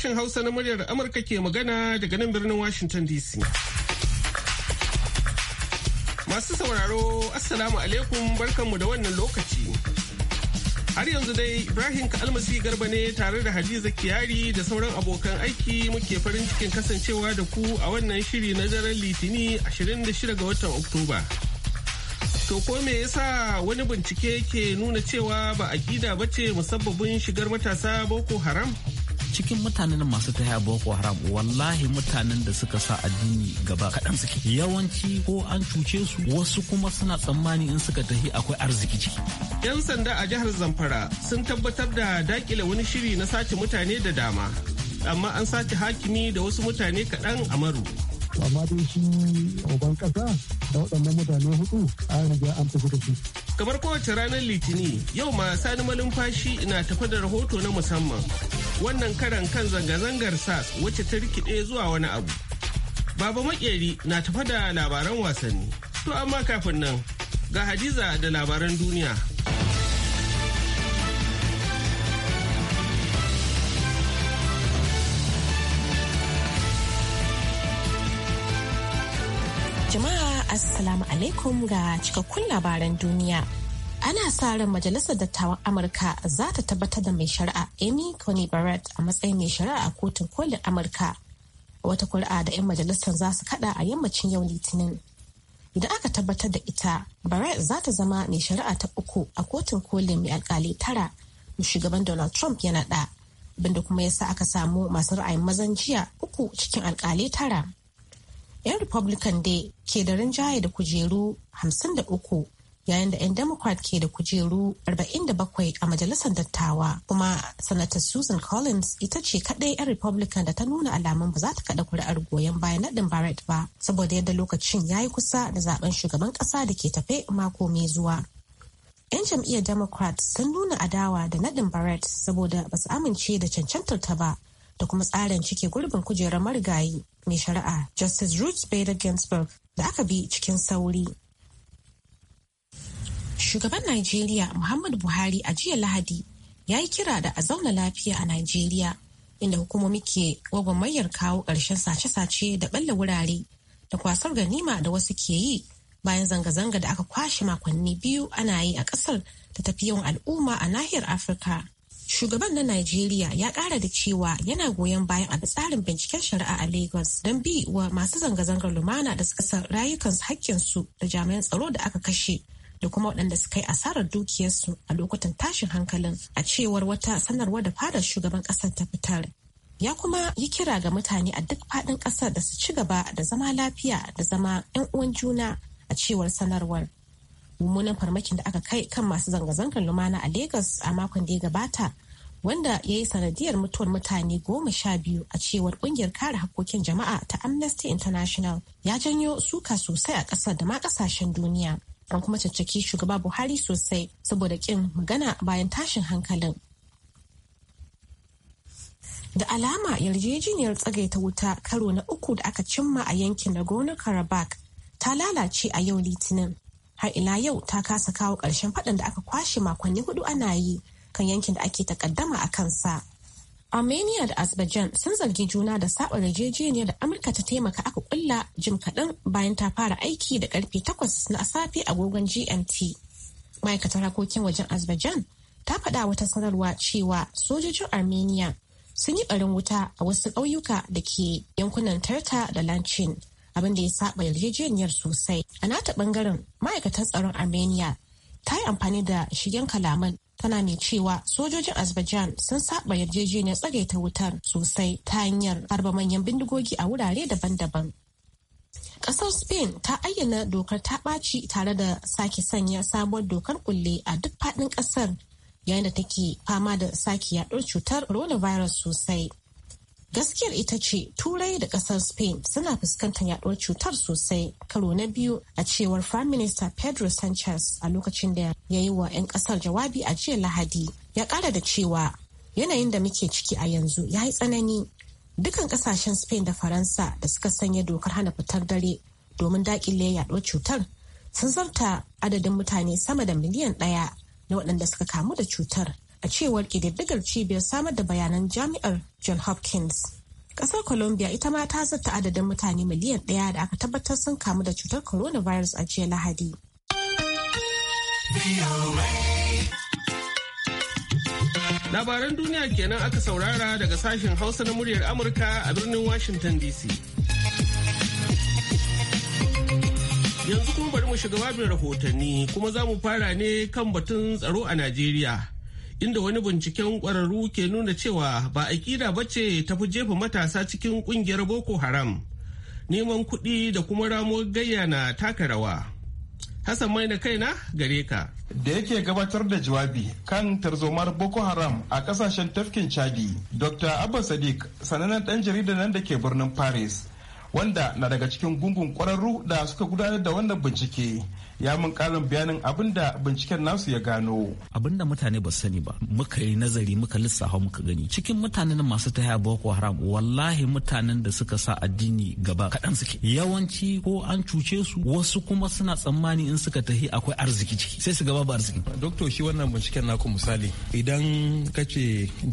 Sashen Hausa na muryar Amurka ke magana daga nan birnin Washington DC. Masu sauraro, Assalamu alaikum barkanmu da wannan lokaci. Har yanzu dai Ibrahim Kalmasi Garba ne tare da Hadiza Kiyari da sauran abokan aiki muke farin cikin kasancewa da ku a wannan shiri na daren Litini 26 ga watan Oktoba. To ko me yasa wani bincike ke nuna cewa ba gida ba ce musabbabin shigar matasa Boko Haram? cikin mutanen masu taya boko haram wallahi mutanen da suka sa addini gaba kaɗan suke yawanci ko an cuce su wasu kuma suna tsammani in suka tafi akwai arziki ciki yan sanda a jihar zamfara sun tabbatar da dakile wani shiri na sace mutane da dama amma an sace hakimi da wasu mutane kaɗan a maru amma dai shi oban ƙasa da waɗannan mutane hudu an riga an tafi da su Kamar kowace ranar Litini, yau ma sani malumfashi na tafi da rahoto na musamman. Wannan karan kan zanga-zangar SAS wacce ta rikide zuwa wani abu. Baba Makeri na tafi da labaran wasanni. To amma kafin nan, ga Hadiza da labaran duniya. Jama'a Assalamu alaikum ga cikakkun labaran duniya. Ana sa ran Majalisar Dattawan Amurka za ta tabbatar da mai shari'a Amy Coney Barrett a matsayin mai shari'a a Kotun Kolin Amurka. Wata kuri'a da 'yan majalisar za su kada a yammacin yau Litinin. Idan aka tabbatar da ita, Barrett za ta zama mai shari'a ta uku a Kotun Kolin mai alkali tara da shugaban Donald Trump ya naɗa. Binda kuma ya sa aka samu masu ra'ayin mazan jiya uku cikin alkali tara 'yan republican dai ke da rinjaye da kujeru 53 yayin da 'yan democrat ke da kujeru 47 a majalisar dattawa kuma sanatar susan collins ita ce kadai 'yan republican da ta nuna alamun ba za ta kada kuri'ar goyon bayan nadin barrett ba saboda yadda lokacin ya yi kusa da zaben shugaban kasa da ke tafe mako mai zuwa 'yan jam'iyyar democrat sun nuna adawa da nadin barrett saboda ba su amince da cancantar ta ba da kuma tsarin cike gurbin kujerar marigayi mai shari'a Justice Ruth Bader Ginsburg da aka bi cikin sauri. Shugaban Najeriya Muhammadu Buhari a jiya Lahadi ya yi kira da a zauna lafiya a Najeriya inda hukumomi ke mayar kawo ƙarshen sace-sace da ɓalla wurare da kwasar ganima da wasu ke yi bayan zanga-zanga da aka kwashe makonni biyu ana yi a ƙasar da tafi yawan al'umma a nahiyar Afirka. Shugaban na Najeriya ya kara da cewa yana goyon bayan a tsarin binciken shari'a a Lagos don bi wa masu zanga-zangar lumana da suka san rayukansu su da jami'an tsaro da aka kashe da kuma waɗanda suka yi asarar dukiyarsu a lokutan tashin hankalin a cewar wata sanarwa da fadar shugaban ƙasar ta fitar. ya kuma yi kira ga mutane a duk faɗin ƙasar da su ci gaba da zama lafiya da zama 'yan uwan juna a cewar sanarwar mummunan farmakin da aka kai kan masu zanga-zangar lumana a Legas a makon da ya gabata wanda ya yi sanadiyar mutuwar mutane goma sha biyu a cewar kungiyar kare hakkokin jama'a ta Amnesty International ya janyo suka sosai a ƙasar da ma ƙasashen duniya. An kuma caccaki shugaba Buhari sosai saboda ƙin magana bayan tashin hankalin. Da alama yarjejeniyar tsagaita wuta karo na uku da aka cimma a yankin Nagorno-Karabakh ta lalace a yau Litinin har ila yau ta kasa kawo ƙarshen faɗan da aka kwashe makonni hudu ana yi kan yankin da ake takaddama a kansa. Armenia da Azerbaijan sun zargi juna da saɓar yarjejeniyar da Amurka ta taimaka aka kulla jim kaɗan bayan ta fara aiki da karfe takwas na safe agogon GMT. Ma'aikatar harkokin wajen Azerbaijan ta faɗa wata sanarwa cewa sojojin Armenia sun yi ɓarin wuta a wasu ƙauyuka da ke yankunan Tarta da Lanchin abin da ya saba yarjejeniyar sosai a nata bangaren ma'aikatar tsaron armenia ta yi amfani da shigen kalaman tana mai cewa sojojin azerbaijan sun saba yarjejeniyar tsagaita wutar sosai ta hanyar harba manyan bindigogi a wurare daban-daban Kasar Spain ta ayyana dokar ta ɓaci tare da sake sanya sabuwar dokar kulle a duk faɗin ƙasar yayin da take fama da sake yaɗuwar cutar coronavirus sosai. gaskiyar ita ce turai da kasar spain suna fuskantar yaduwar cutar sosai karo na biyu a cewar prime minister pedro sanchez a lokacin da ya yi wa 'yan kasar jawabi a jiya lahadi ya kara da cewa yanayin da muke ciki a yanzu ya yi tsanani dukan kasashen spain da faransa da suka sanya dokar hana fitar dare domin dakile yaduwar cutar sun zarta adadin mutane sama da miliyan daya na waɗanda suka kamu da cutar a cewar ƙididdigar cibiyar samar da bayanan jami'ar John Hopkins. Ƙasar Colombia ita ma ta zata adadin mutane miliyan ɗaya da aka tabbatar sun kamu da cutar coronavirus a jiya Lahadi. Labaran duniya kenan aka saurara daga sashen Hausa na muryar Amurka a birnin Washington DC. Yanzu kuma bari mu shiga babin rahotanni kuma za mu fara ne kan batun tsaro a Najeriya. inda wani binciken ƙwararru ke nuna cewa ba a aƙida ba ce tafi jefa matasa cikin ƙungiyar boko haram neman kuɗi da kuma ramo gayya na taka rawa hassan mai na kaina gare ka da yake gabatar da jawabi kan tarzomar boko haram a kasashen tafkin chadi dr abba sadiq sanannen dan jarida nan da ke birnin paris wanda na daga cikin gungun kwararru da suka gudanar da wannan bincike ya mun karin bayanin abin da binciken nasu ya gano. Abin da mutane ba sani ba, muka yi nazari muka lissafa muka gani. Cikin mutanen masu taya Boko Haram, wallahi mutanen da suka sa addini gaba kaɗan suke. Yawanci ko an cuce su, wasu kuma suna tsammani in suka tahi akwai arziki ciki, sai su gaba ba arziki. Doktor shi wannan binciken naku misali, idan ka ce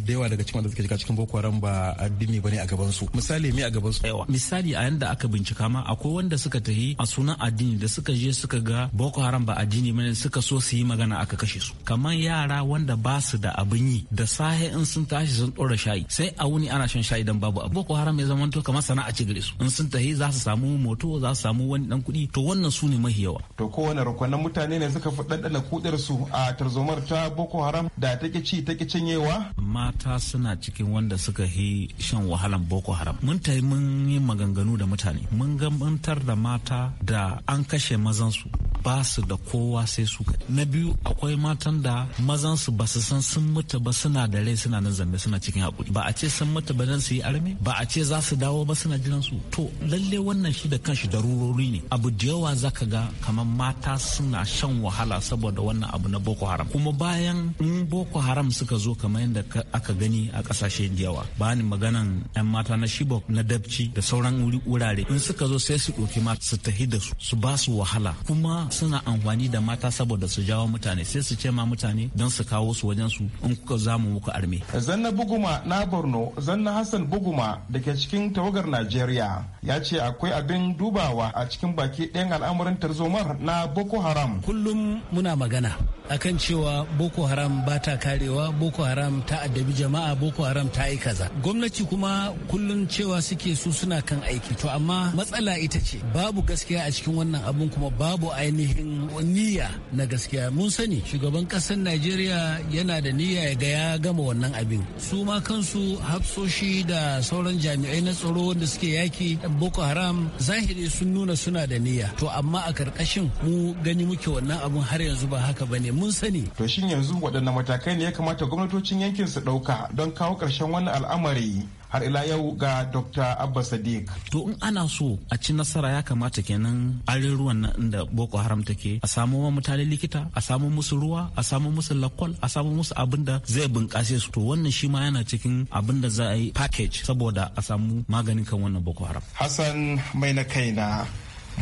da yawa daga cikin wanda suke shiga cikin Boko Haram ba addini bane a a gabansu. Misali me a gabansu? Misali a yanda aka bincika ma akwai wanda suka tahi a sunan addini da suka je suka ga boko haram ba addini bane suka so su yi magana aka kashe su kamar yara wanda ba su da abin yi da sahe in sun tashi sun ɗora shayi sai a wuni ana shan shayi dan babu abu boko haram ya zama to kamar sana'a ci gare su in sun tahi za su samu moto za su samu wani dan kuɗi to wannan su ne mahi yawa to kowane rukunan mutane ne suka fi ɗanɗana kuɗar su a tarzomar ta boko haram da take ci take cinyewa mata suna cikin wanda suka yi shan wahalan boko haram mun tayi mun yi maganganu da mutane mun gambantar da mata da an kashe mazansu ba su da kowa sai su na biyu akwai matan da mazan su ba su san sun mutu ba suna da rai suna nan zambe suna cikin haƙuri ba a ce sun mutu ba zan su yi arme ba a ce za su dawo ba suna jiran su to lalle wannan shi da kanshi darurori ne abu da yawa ka ga kamar mata suna shan wahala saboda wannan abu na boko haram kuma bayan in boko haram suka zo kamar yadda aka gani a kasashe da yawa ba ni maganan yan mata na shibok na dabci da sauran wurare in suka zo sai su ɗauki mata su tahi da su su ba su wahala kuma suna amfani da mata saboda su jawo mutane sai su ce ma mutane don su kawo su wajen su in kuka zamu muku arme. Zanna Buguma na Borno, Zanna Hassan Buguma da ke cikin tawagar Najeriya ya ce akwai abin dubawa a cikin baki ɗayan al'amuran tarzomar na Boko Haram. Kullum muna magana akan cewa Boko Haram ba ta karewa, Boko Haram ta addabi jama'a, Boko Haram ta yi kaza. Gwamnati kuma kullum cewa suke su suna kan aiki. To amma matsala ita ce babu gaskiya a cikin wannan abun kuma babu ainihin ainihin niyya na gaskiya mun sani shugaban ƙasar najeriya yana da niyya ya ga ya gama wannan abin su ma kansu hafsoshi da sauran jami'ai na tsaro wanda suke yaki boko haram zahiri sun nuna suna da niyya to amma a karkashin mu gani muke wannan abun har yanzu ba haka bane mun sani to shin yanzu waɗanne matakai ne ya kamata gwamnatocin yankin su ɗauka don kawo ƙarshen wannan al'amari har ila yau ga dr abba sadiq to in ana so a ci nasara ya kamata kenan arin ruwan nan da boko haram take a samu wa mutane likita a samu musu ruwa a samu musu lakwal a samu musu abin da zai bunkase su to wannan shi ma yana cikin abin da za a yi package saboda a samu maganin kan wannan boko haram hassan mai na kaina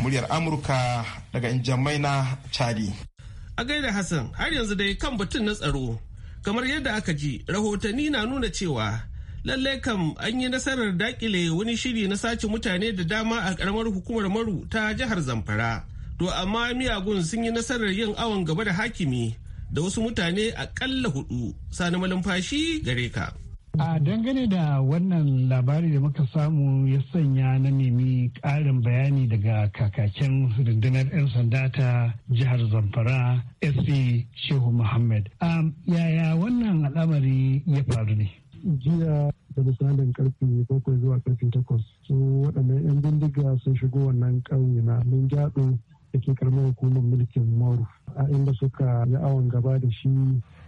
muryar amurka daga injamai na chadi a gaida hassan har yanzu dai kan batun na tsaro kamar yadda aka ji rahotanni na nuna cewa lalle kam an yi nasarar dakile wani shiri na sace mutane da dama a karamar hukumar maru ta jihar zamfara to amma miyagun sun yi nasarar yin awon gaba da hakimi da wasu mutane akalla hudu sani malumfashi gare ka a dangane da wannan labari da muka samu ya sanya na nemi ƙarin bayani daga kakakin rundunar 'yan sanda ta jihar zamfara sc shehu muhammad yaya wannan al'amari ya faru ne jiya da misalin karfe bakwai zuwa karfe takwas su waɗannan 'yan bindiga sun shigo wannan ƙauye na mun gyaɗo da ke karamar hukumar mulkin maru a inda suka yi awon gaba da shi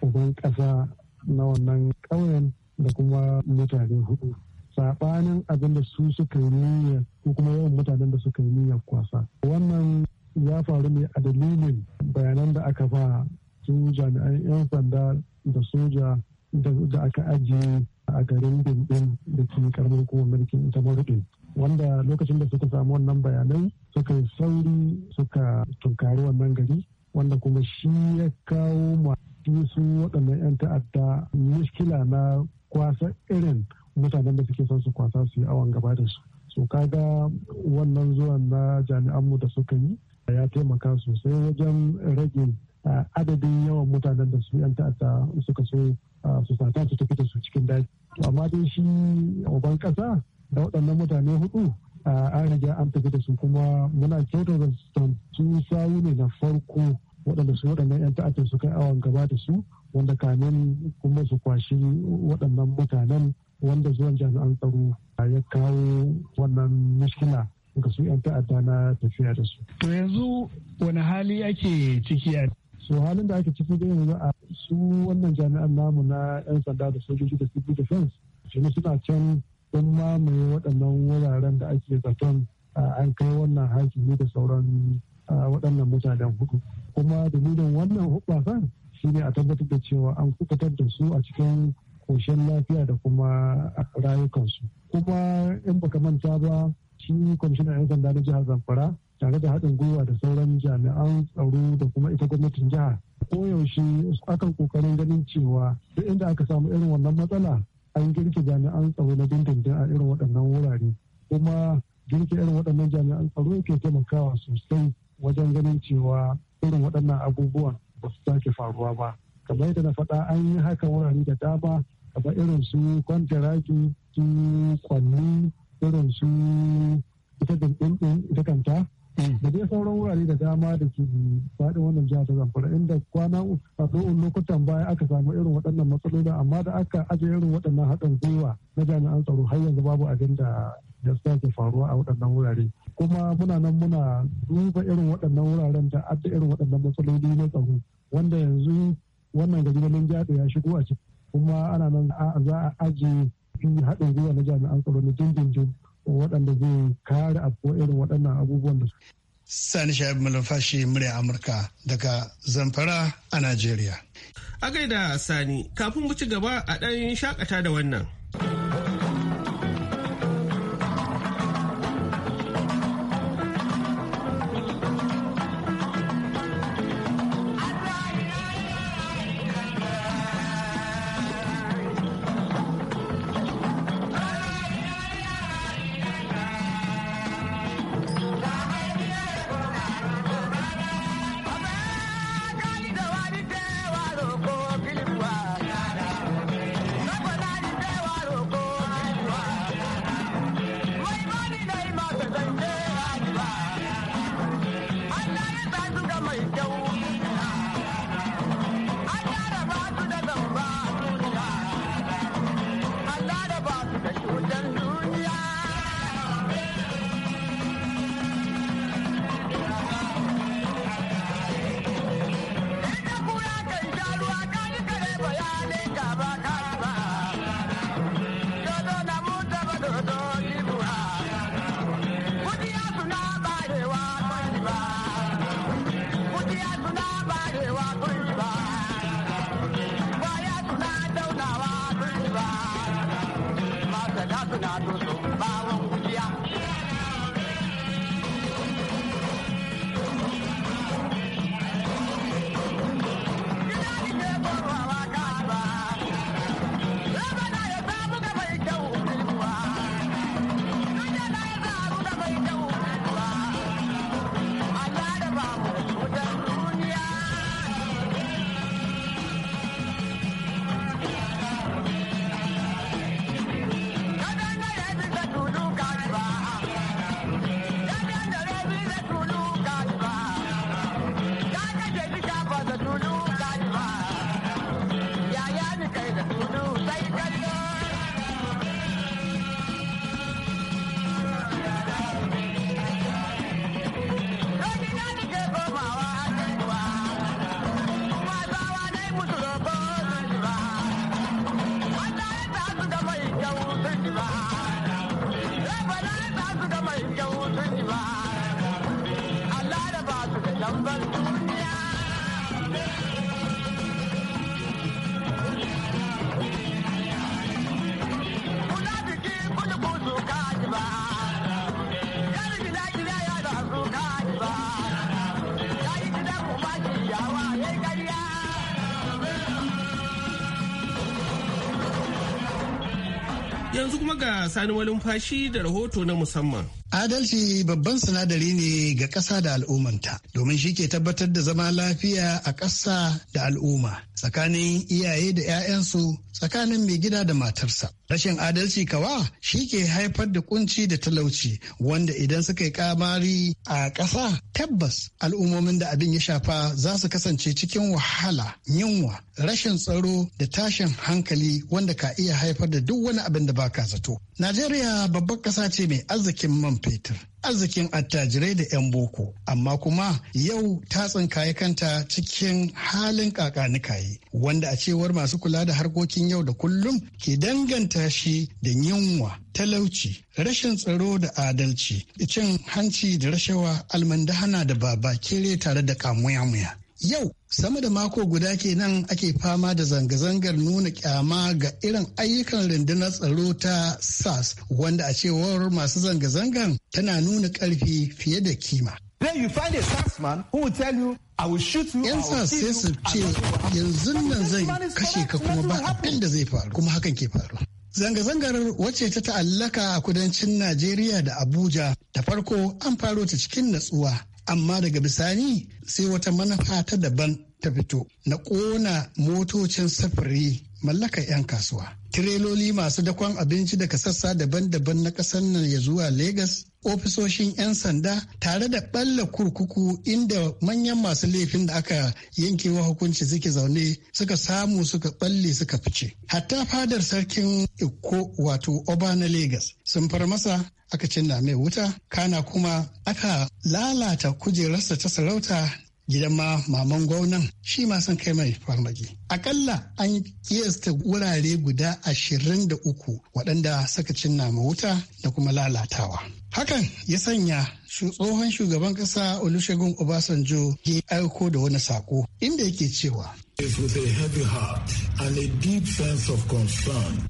uban ƙasa na wannan ƙauyen da kuma mutane hudu saɓanin abin da su suka yi niyya ko kuma yawan mutanen da suka yi niyyar kwasa wannan ya faru ne a dalilin bayanan da aka ba su jami'an 'yan sanda da soja da aka ajiye a garin dindin da ke karamin kuma mulkin ita maruɗin wanda lokacin da suka samu wannan bayanai suka yi sauri suka tunkari wannan gari wanda kuma shi ya kawo masu su waɗannan 'yan ta'adda Mishkila na kwasa irin mutanen da suke son su kwasa su yi awon gaba da su so ga wannan zuwan na jami'anmu da suka yi ya taimaka sosai wajen rage eh, adadin yawan mutanen da su 'yan ta'adda suka so su sata su tafi da su cikin daji amma dai shi oban kasa da waɗannan mutane hudu a riga an tafi da su kuma muna kyautar da su sawu ne na farko waɗanda su waɗannan 'yan ta'addar su kai awon gaba da su wanda kamin kuma su kwashi waɗannan mutanen wanda zuwan jami'an tsaro ya kawo wannan mushkila ga su 'yan ta'adda na tafiya da su. To yanzu wani hali ake ciki a so halin da ake ciki da yanzu a su wannan jami'an namu na 'yan sanda da sojoji da civil defense shi suna can don mamaye waɗannan wuraren da ake zaton an kai wannan haƙi ne da sauran waɗannan mutanen hudu kuma dalilin wannan hubbasan shi ne a tabbatar da cewa an kubutar da su a cikin koshin lafiya da kuma rayukansu kuma in baka manta ba shi kwamishinan 'yan sanda na jihar zamfara tare da haɗin gwiwa da sauran jami'an tsaro da kuma ita gwamnatin jiha koyaushe akan kokarin ganin cewa duk inda aka samu irin wannan matsala an girke jami'an tsaro na dindindin a irin waɗannan wurare kuma girke irin waɗannan jami'an tsaro yake taimakawa sosai wajen ganin cewa irin waɗannan abubuwan ba su sake faruwa ba kamar yadda na faɗa an yi haka wurare da dama kamar irin su kwantaraki su kwanni irin su ita dindindin ita kanta da dai sauran wurare da dama da ke faɗin wannan jihar ta zamfara inda kwana a tsohon lokutan baya aka samu irin waɗannan matsaloli amma da aka aje irin waɗannan haɗin gwiwa na jami'an tsaro har yanzu babu abin da da ke faruwa a waɗannan wurare kuma muna nan muna duba irin waɗannan wuraren da adda irin waɗannan matsaloli na tsaro wanda yanzu wannan gari na jihar ya shigo a ciki kuma ana nan za a ajiye haɗin gwiwa na jami'an tsaro na dindindin waɗanda zai kare abuwa irin waɗannan abubuwan da su. Sani Shaib Malafashi murya Amurka daga Zamfara a Najeriya. A gaida Sani, kafin mu ci gaba a ɗan shakata da wannan. Yanzu kuma ga sani fashi da rahoto na musamman. Adalci babban sinadari ne ga ƙasa da al'ummanta domin shi ke tabbatar da zama lafiya a ƙasa da al'umma tsakanin iyaye da 'ya'yansu tsakanin mai gida da matarsa. Rashin adalci kawa shi ke haifar da kunci da talauci wanda idan suka yi kamari a ƙasa tabbas al'ummomin da abin ya shafa za su kasance cikin wahala, yunwa, rashin tsaro da tashin hankali wanda ka iya haifar da duk wani abin da ba ka zato. Najeriya babbar ƙasa ce mai arzikin man fetur. arzikin attajirai da 'yan boko amma kuma yau ta tsinkaye kanta cikin halin kakanikaye wanda a cewar masu kula da harkokin yau da kullum ke danganta shi da yunwa talauci rashin tsaro da adalci cin hanci da rashawa almandahana da baba kere tare da kamuya-muya Yau sama da mako guda kenan ake fama da zanga-zangar nuna kyama ga irin ayyukan rundunar tsaro ta SAS wanda a cewar masu zanga-zangar tana nuna ƙarfi fiye da kima. Then SAS Yan sai su ce yanzu nan zai kashe ka kuma ba abin da zai faru kuma hakan ke faru. Zanga-zangar wacce ta ta'allaka a kudancin Najeriya da Abuja Ta farko an faro ta cikin natsuwa amma daga bisani sai wata manufa ta daban ta fito na kona motocin safari mallakar 'yan kasuwa. Tireloli masu dakon abinci daga sassa daban-daban na ƙasar nan ya zuwa Legas ofisoshin 'yan sanda tare da balla kurkuku inda manyan masu laifin da aka yankewa hukunci suke zaune suka samu suka balle suka fice hatta fadar sarkin iko wato oba na Legas. sun far masa aka cinna mai wuta kana kuma aka lalata kujerarsa ta sarauta gidan ma maman gwaunan shi ma sun kai mai farmaki. Akalla an kiyasta wurare guda ashirin da uku waɗanda suka cinna ma wuta da kuma lalatawa. Hakan ya sanya tsohon shugaban ƙasa Olusegun Obasanjo ya aiko da wani sako inda yake cewa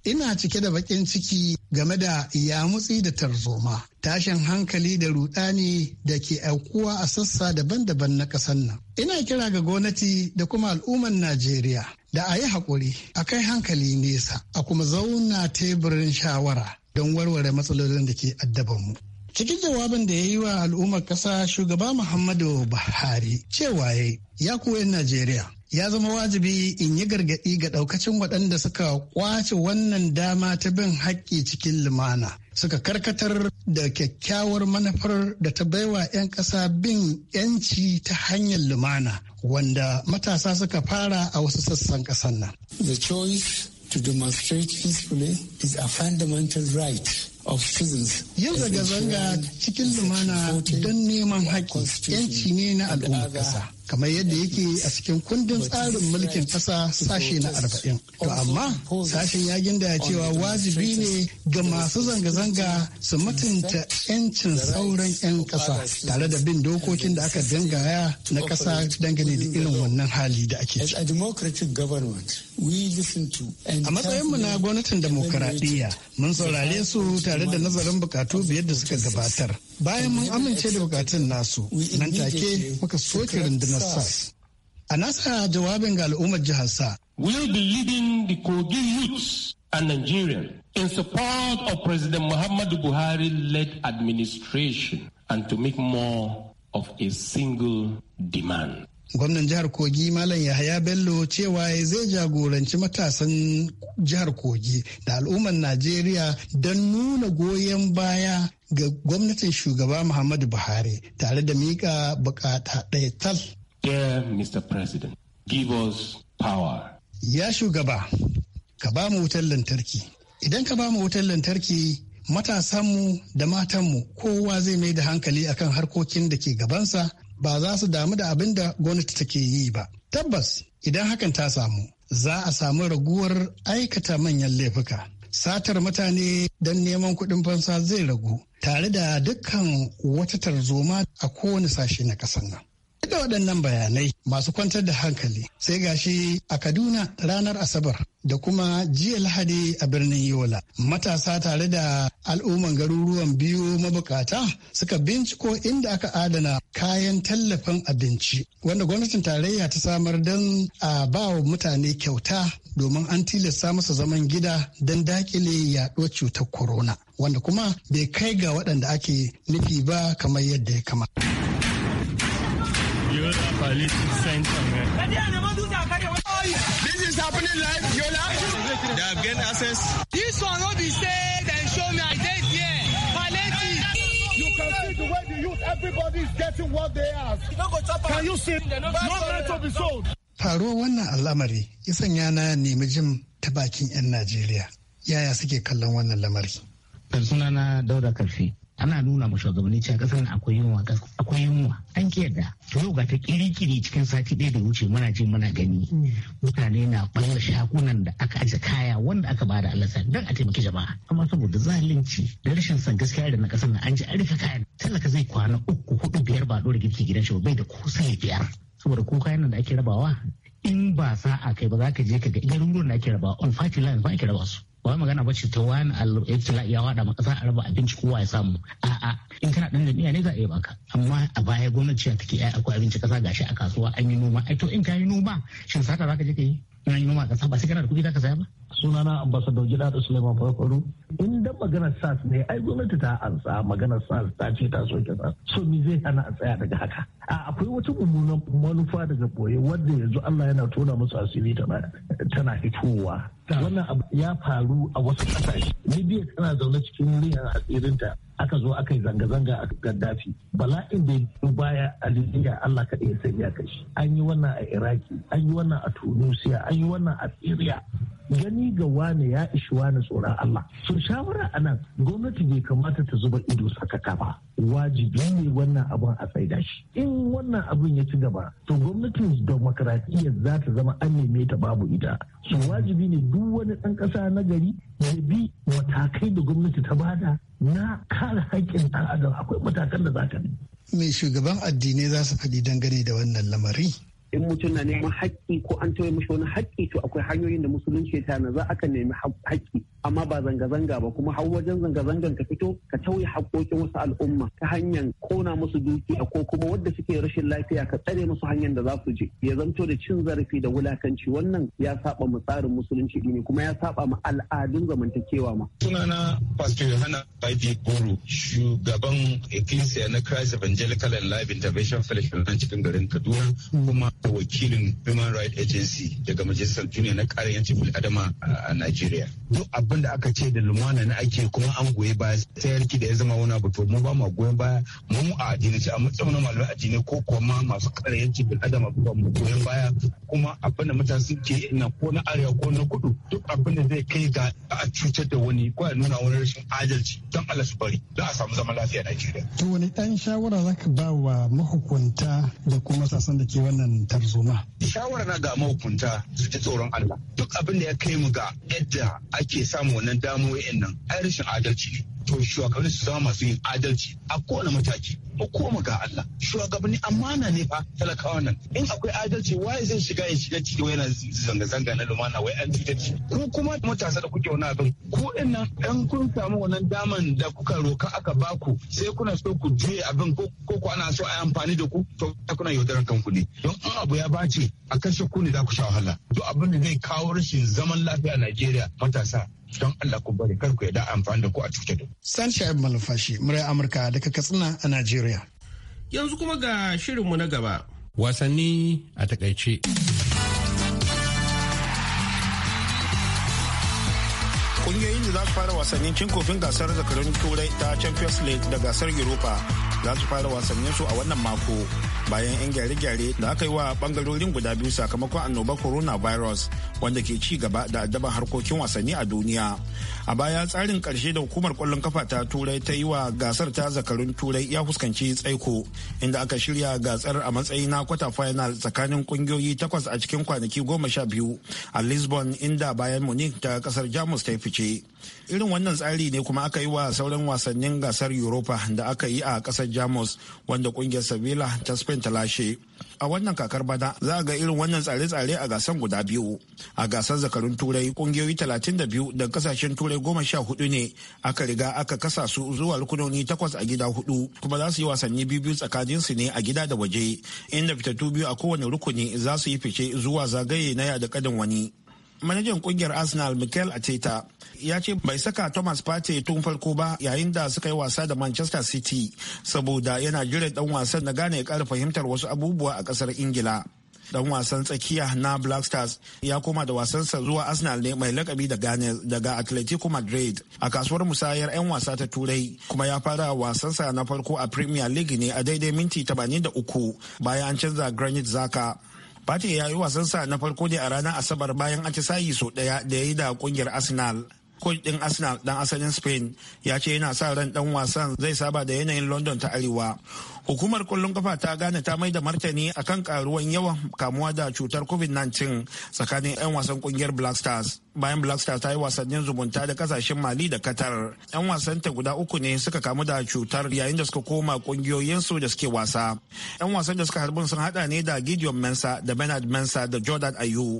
Ina cike da baƙin ciki game da yamutsi da tarzoma, tashin hankali da rudani da ke aukuwa a sassa daban-daban na ƙasar nan. Ina kira ga gwamnati da kuma al'umman Najeriya da a yi haƙuri, a kai hankali nesa, a kuma zauna teburin shawara don warware matsalolin da ke addabanmu. Cikin jawabin da ya yi wa al'ummar ƙasa shugaba Muhammadu Buhari cewa ya ya koyan Najeriya. ya zama wajibi in yi gargaɗi ga ɗaukacin waɗanda suka kwace wannan dama ta bin haƙƙi cikin lumana suka karkatar da kyakkyawar manufar da ta baiwa 'yan ƙasa bin 'yanci ta hanyar lumana wanda matasa suka fara a wasu sassan ƙasar nan. The choice to demonstrate peacefully is a fundamental right of citizens. Yin zanga-zanga cikin lumana don neman haƙƙi yanci ne na al'umma ƙasa. kamar yadda yake a cikin kundin tsarin mulkin ƙasa sashe na arba'in. To amma sashen ya ginda cewa wajibi ne ga masu zanga-zanga su mutunta 'yancin sauran 'yan ƙasa tare da bin dokokin da aka dangaya na ƙasa dangane da irin wannan hali da ake ciki. A matsayinmu na gwamnatin demokuraɗiyya mun saurare su tare tare da nazarin bukatu biyar da suka gabatar. Bayan mun amince da bukatun nasu, nan take muka soke rundunar SAS. A nasa jawabin ga al'ummar jihar sa. We'll be leading the Kogi youths and Nigeria in support of President Muhammadu Buhari-led administration and to make more of a single demand. gwamnan jihar kogi malam yahaya bello cewa zai jagoranci matasan jihar kogi da al'ummar najeriya don nuna goyon baya ga gwamnatin shugaba muhammadu buhari tare da mika bukata ɗaya tal Dear Mr. President, give power. Ya shugaba, ka ba mu wutar lantarki. Idan ka ba mu wutar lantarki matasanmu da matanmu kowa zai mai da hankali akan harkokin da ke gabansa ba za su damu da abin da gwamnati take yi ba. Tabbas idan hakan ta samu za a samu raguwar aikata manyan laifuka. Satar mutane don neman kuɗin fansa zai ragu tare da dukkan wata tarzoma a kowane sashe na ƙasar nan. Duk waɗannan bayanai masu kwantar da hankali sai gashi a Kaduna ranar Asabar da kuma jiya Lahadi a birnin Yola. Matasa tare da al'umman garuruwan biyu mabukata suka binciko inda aka adana kayan tallafin abinci wanda gwamnatin tarayya ta samar don a ba wa mutane kyauta domin an tilasta masa zaman gida don dakile yaɗuwar cutar corona wanda kuma bai kai ga waɗanda ake nufi ba kamar yadda ya kamata. Coalition Center. This is happening live, Yola. They have gained access. This one will be said and show me I did here. Paleti. You can see the way the youth, everybody is getting what they ask. Can you see? No man of the soul. Faruwar wannan al'amari ya sanya na nemi jin ta bakin 'yan Najeriya. Yaya suke kallon wannan lamari? Sunana Dauda Karfi. ana nuna ma shugabanni cewa kasar akwai yunwa akwai yunwa an kiyarda to yau ga ta kirikiri cikin sati ɗaya da wuce muna je muna gani mutane na ɓallar shagunan da aka aje kaya wanda aka ba da alasa don a taimaki jama'a amma saboda zalunci da rashin son gaskiya da na kasar na an ji an rufe kayan talaka zai kwana uku hudu biyar ba ɗora girki gidan shi bai da kusa biyar saboda ko kayan da ake rabawa in ba sa'a kai ba za ka je ka ga garuruwan da ake rabawa on fertilizer ba ake rabawa su ba magana ba ce ta wani al'ibtila eh, ya wada ma kasa raba abinci kowa ya samu a'a in kana dan jami'a ne za a iya baka amma a baya gwamnati ke ai akwai abinci kasa gashi a kasuwa an yi noma ai to in ka yi noma shin saka zaka je ka yi na yi noma ba sai kana da kuɗi ka saya ba. sunana ambassador gida da suleiman farfaru in da maganar sas ne ai gwamnati ta ansa maganar sas ta ce ta soke sas so me zai hana a tsaya daga haka a akwai wata mummunan manufa daga boye wanda yanzu Allah yana tona musu asiri tana fitowa wannan ya faru a wasu ƙasashe libya tana zaune cikin asirin asirinta aka zo aka yi zanga-zanga a gaddafi bala'in da ya baya a libya allah kaɗai ya sanya kashi an yi wannan a iraki an yi wannan a tunisia an yi wannan a syria gani ga wane ya ishi wane tsoron Allah. So shawara a nan gwamnati bai kamata ta zuba ido sakaka ba. Wajibi ne wannan abun a tsaida shi. In wannan abun ya ci gaba to gwamnatin demokradiyyar za ta zama an neme ta babu ita. So wajibi ne duk wani ɗan ƙasa na gari ya bi matakai da gwamnati ta bada na kare haƙƙin ɗan adam akwai matakan da za ka bi. Me shugaban addinai za su faɗi dangane da wannan lamari? in mutum na neman haƙƙi ko an tauye mashi wani haƙƙi to akwai hanyoyin da musulunci ya tana za aka nemi haƙƙi amma ba zanga-zanga ba kuma har wajen zanga-zangan ka fito ka tauye haƙƙoƙin wasu al'umma ta hanyar kona musu dukiya ko kuma wadda suke rashin lafiya ka tsare musu hanyar da za su je ya zanto da cin zarafi da wulakanci wannan ya saba mu tsarin musulunci ne kuma ya saba ma al'adun zamantakewa ma. Sunana Pastor Yohana Baibi Goro shugaban Ecclesia na Christ Evangelical and Life Intervention Fellowship na cikin garin Kaduna kuma da wakilin Human Rights Agency daga Majalisar Duniya na ƙarin yancin bil'adama a Najeriya. Duk abin da aka ce da lumana na ake kuma an goyi baya sai yarki da ya zama wani abu to mu ba ma goyon baya mu a addini ce a matsayin malamai addini ko kuma masu ƙarin yancin bil'adama ba mu goyon baya kuma abin da mutane suke ina ko na arewa ko na kudu duk abin da zai kai ga a cutar da wani ko a nuna wani rashin adalci don Allah su bari don a samu zaman lafiya Najeriya. To wani ɗan shawara zaka ba wa mahukunta da kuma sassan da ke wannan tarzoma. Shawara na ga mahukunta su ci tsoron Allah. Duk abin da ya kai mu ga yadda ake samu wannan damuwa nan, ai rashin adalci ne. to shugabanni su zama masu yin adalci a kowane mataki ko koma ga Allah shugabanni amana ne fa talakawa nan in akwai adalci waye zai shiga ya shiga ciki wai yana zanga-zanga na lumana wai an cutar ci ko kuma matasa da kuke wani abin ko in nan dan kun samu wannan daman da kuka roka aka baku sai kuna so ku juye abin ko ko ana so a yi amfani da ku to kuna yaudaran kanku ne don in abu ya bace a kashe ku ne za ku sha wahala duk abin da zai kawo rashin zaman lafiya a Najeriya matasa don Allah ku bari kar ku da amfani da ku a cutar da San Sha'ib Malfashi, murai Amurka daga Katsina a Najeriya. Yanzu kuma ga shirinmu na gaba. Wasanni a takaice. Kungiyoyin da za su fara wasannin cin kofin gasar zakarun turai ta Champions League da gasar Europa za su fara wasanninsu a wannan mako. bayan 'yan gyare-gyare da aka yi wa bangarorin guda biyu sakamakon annobar coronavirus wanda ke ci gaba da addaban harkokin wasanni a duniya a baya tsarin karshe da hukumar kwallon kafa ta turai ta yi wa gasar ta zakarun turai ya fuskanci tsaiko inda aka shirya gasar a matsayi na kwata final tsakanin kungiyoyi takwas a cikin kwanaki goma sha biyu a lisbon inda bayan munich ta kasar jamus ta fice irin wannan tsari ne kuma aka yi wa sauran wasannin gasar europa da aka yi a kasar jamus wanda kungiyar sevilla ta spain Jordan ta lashe. A wannan kakar bana za a ga irin wannan tsare-tsare a gasar guda biyu. A gasar zakarun turai kungiyoyi 32 da kasashen turai goma sha hudu ne aka riga aka kasa su zuwa rukunoni takwas a gida hudu kuma za su yi wasanni biyu tsakanin su ne a gida da waje inda fitattu biyu a kowane rukuni za su yi fice zuwa zagaye na yada kadin wani. manajan kungiyar arsenal mikel ateta ya ce bai saka thomas partey tun farko ba yayin da suka yi wasa da manchester city saboda yana jiran dan wasan na gane ya kara fahimtar wasu abubuwa a kasar ingila dan wasan tsakiya na black stars ya koma da wasansa zuwa arsenal ne mai lakabi da gane daga atletico madrid a kasuwar musayar 'yan wasa ta turai kuma ya fara wasansa na farko a premier league ne a daidai minti 83 bayan an canza granit zaka Pate ya yi wasansa na farko ne a ranar Asabar bayan atisayi sau ɗaya da ya yi da kungiyar Arsenal. Coach ɗin Arsenal ɗan asalin Spain ya ce yana sa ran ɗan wasan zai saba da yanayin London ta Arewa. Hukumar kullun kafa ta gane ta mai da martani akan karuwan yawan kamuwa da cutar COVID-19 tsakanin 'yan wasan kungiyar Black Stars. bayan black stars ta yi wasannin zumunta da kasashen mali da qatar yan wasanta guda uku ne suka kamu da cutar yayin da suka koma kungiyoyinsu da suke wasa yan wasan da suka harbin sun hada ne da gideon mensa da bernard mensa da jordan ayu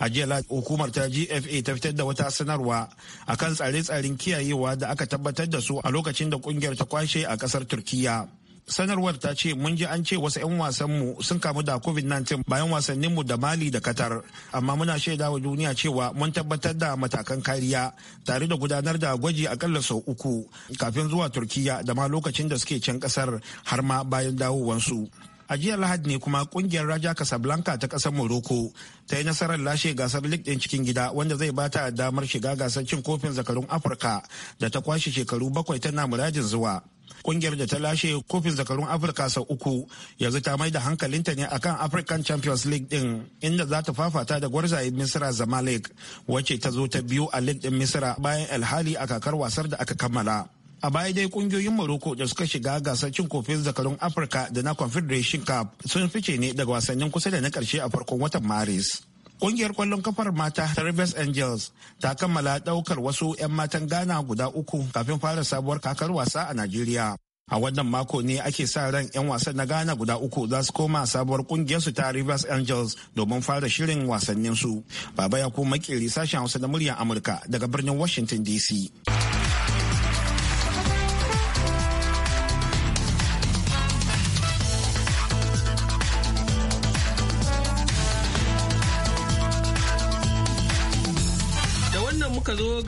a jiya hukumar ta gfa ta fitar da wata sanarwa akan tsare-tsaren kiyayewa da aka tabbatar da su a lokacin da kungiyar ta kwashe a kasar turkiya sanarwar ta ce mun ji an ce wasu 'yan wasanmu sun kamu da covid-19 bayan wasanninmu da mali da qatar amma muna shaida wa duniya cewa mun tabbatar da matakan kariya tare da gudanar da gwaji akalla sau uku kafin zuwa turkiya da ma lokacin da suke can kasar har ma bayan dawowansu. su a jiya lahadi ne kuma kungiyar raja casablanca ta kasar morocco ta yi nasarar lashe gasar league din cikin gida wanda zai bata damar shiga gasar cin kofin zakarun afirka da ta kwashe shekaru bakwai tana muradin zuwa kungiyar da ta lashe kofin zakarun afirka sau uku yanzu ta mai da hankalinta ne akan african champions league din inda za ta fafata da gwarzaye misira zamalek wacce ta zo ta biyu a league din misira bayan alhali a kakar wasar da aka kammala a baya dai kungiyoyin morocco da suka shiga gasar cin kofin zakarun afirka da na confederation cup sun fice ne daga wasannin kusa da na karshe a farkon watan maris ƙungiyar kwallon kafar mata ta Rivers Angels ta kammala daukar wasu 'yan matan Ghana guda uku kafin fara sabuwar kakar wasa a Najeriya. A wannan mako ne ake sa ran 'yan wasan na Ghana guda uku za su koma sabuwar ƙungiyarsu ta Rivers Angels domin fara shirin wasanninsu. Baba ya kuma makeri sashen Hausa da muryar Amurka daga birnin Washington DC.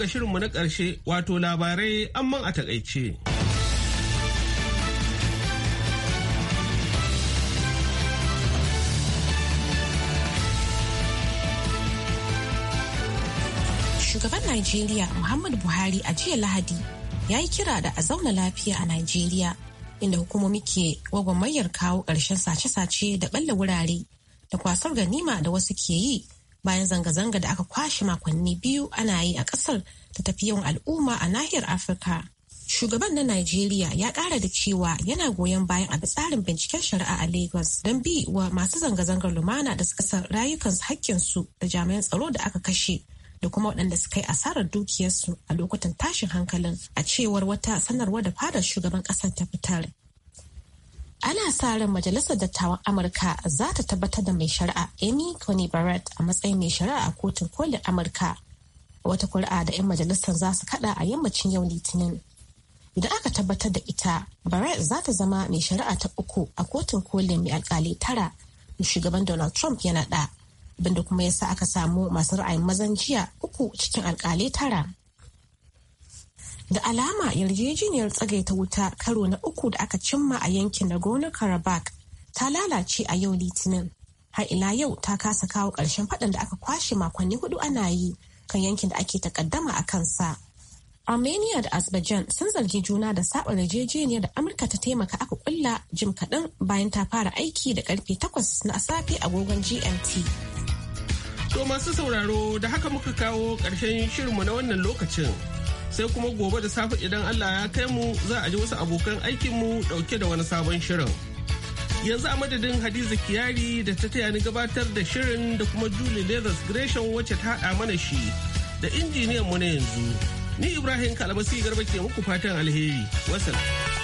ga shirinmu na ƙarshe wato labarai amman a takaice. Shugaban Najeriya Muhammadu Buhari a jiya Lahadi ya yi kira da a zauna lafiya a Najeriya inda hukumomi ke gwagwarmayar kawo ƙarshen sace-sace da ɓalla wurare da kwasar ganima da wasu ke yi bayan zanga-zanga da aka kwashe makonni biyu ana yi a kasar ta tafi yawan al'umma a nahiyar afirka shugaban na najeriya ya kara da cewa yana goyon bayan a tsarin binciken shari'a a lagos don bi wa masu zanga-zangar lumana da suka san rayukansu hakkinsu da jami'an tsaro da aka kashe da kuma waɗanda suka yi asarar dukiyarsu a lokutan tashin hankalin a cewar wata sanarwa da fadar shugaban ƙasar ta fitar ana sa ran majalisar dattawan amurka za ta tabbatar da mai shari'a amy coney barrett a matsayin mai shari'a a kotun kolin amurka wata kuri'a da 'yan majalisar za su kada a yammacin yau litinin idan aka tabbatar da ita barrett za ta zama mai shari'a ta uku a kotun kolin mai alkali tara da shugaban donald trump ya naɗa abinda kuma yasa aka samu masu ra'ayin mazan jiya uku cikin alkali tara Da alama yarjejeniyar tsagaita wuta karo na uku da aka cimma a yankin Nagorno-Karabakh ta lalace a yau Litinin. Har ila yau ta kasa kawo ƙarshen faɗan da aka kwashe makonni hudu ana yi kan yankin da ake takaddama a kansa. Armenia da Azerbaijan sun zargi juna da saba yarjejeniyar da Amurka ta taimaka aka kulla jim kaɗan bayan ta fara aiki da karfe takwas na safe agogon GMT. To masu sauraro da haka muka kawo ƙarshen shirinmu na wannan lokacin. sai kuma gobe da safe idan Allah ya kai mu za a ji wasu abokan aikinmu dauke da wani sabon shirin. Yanzu a madadin Hadiza Kiyari da ta taya ni gabatar da shirin da kuma Julie Leathers Gresham wacce ta haɗa mana shi da injiniyan mu na yanzu. Ni Ibrahim Kalabasi Garba ke muku fatan alheri. Wasalam.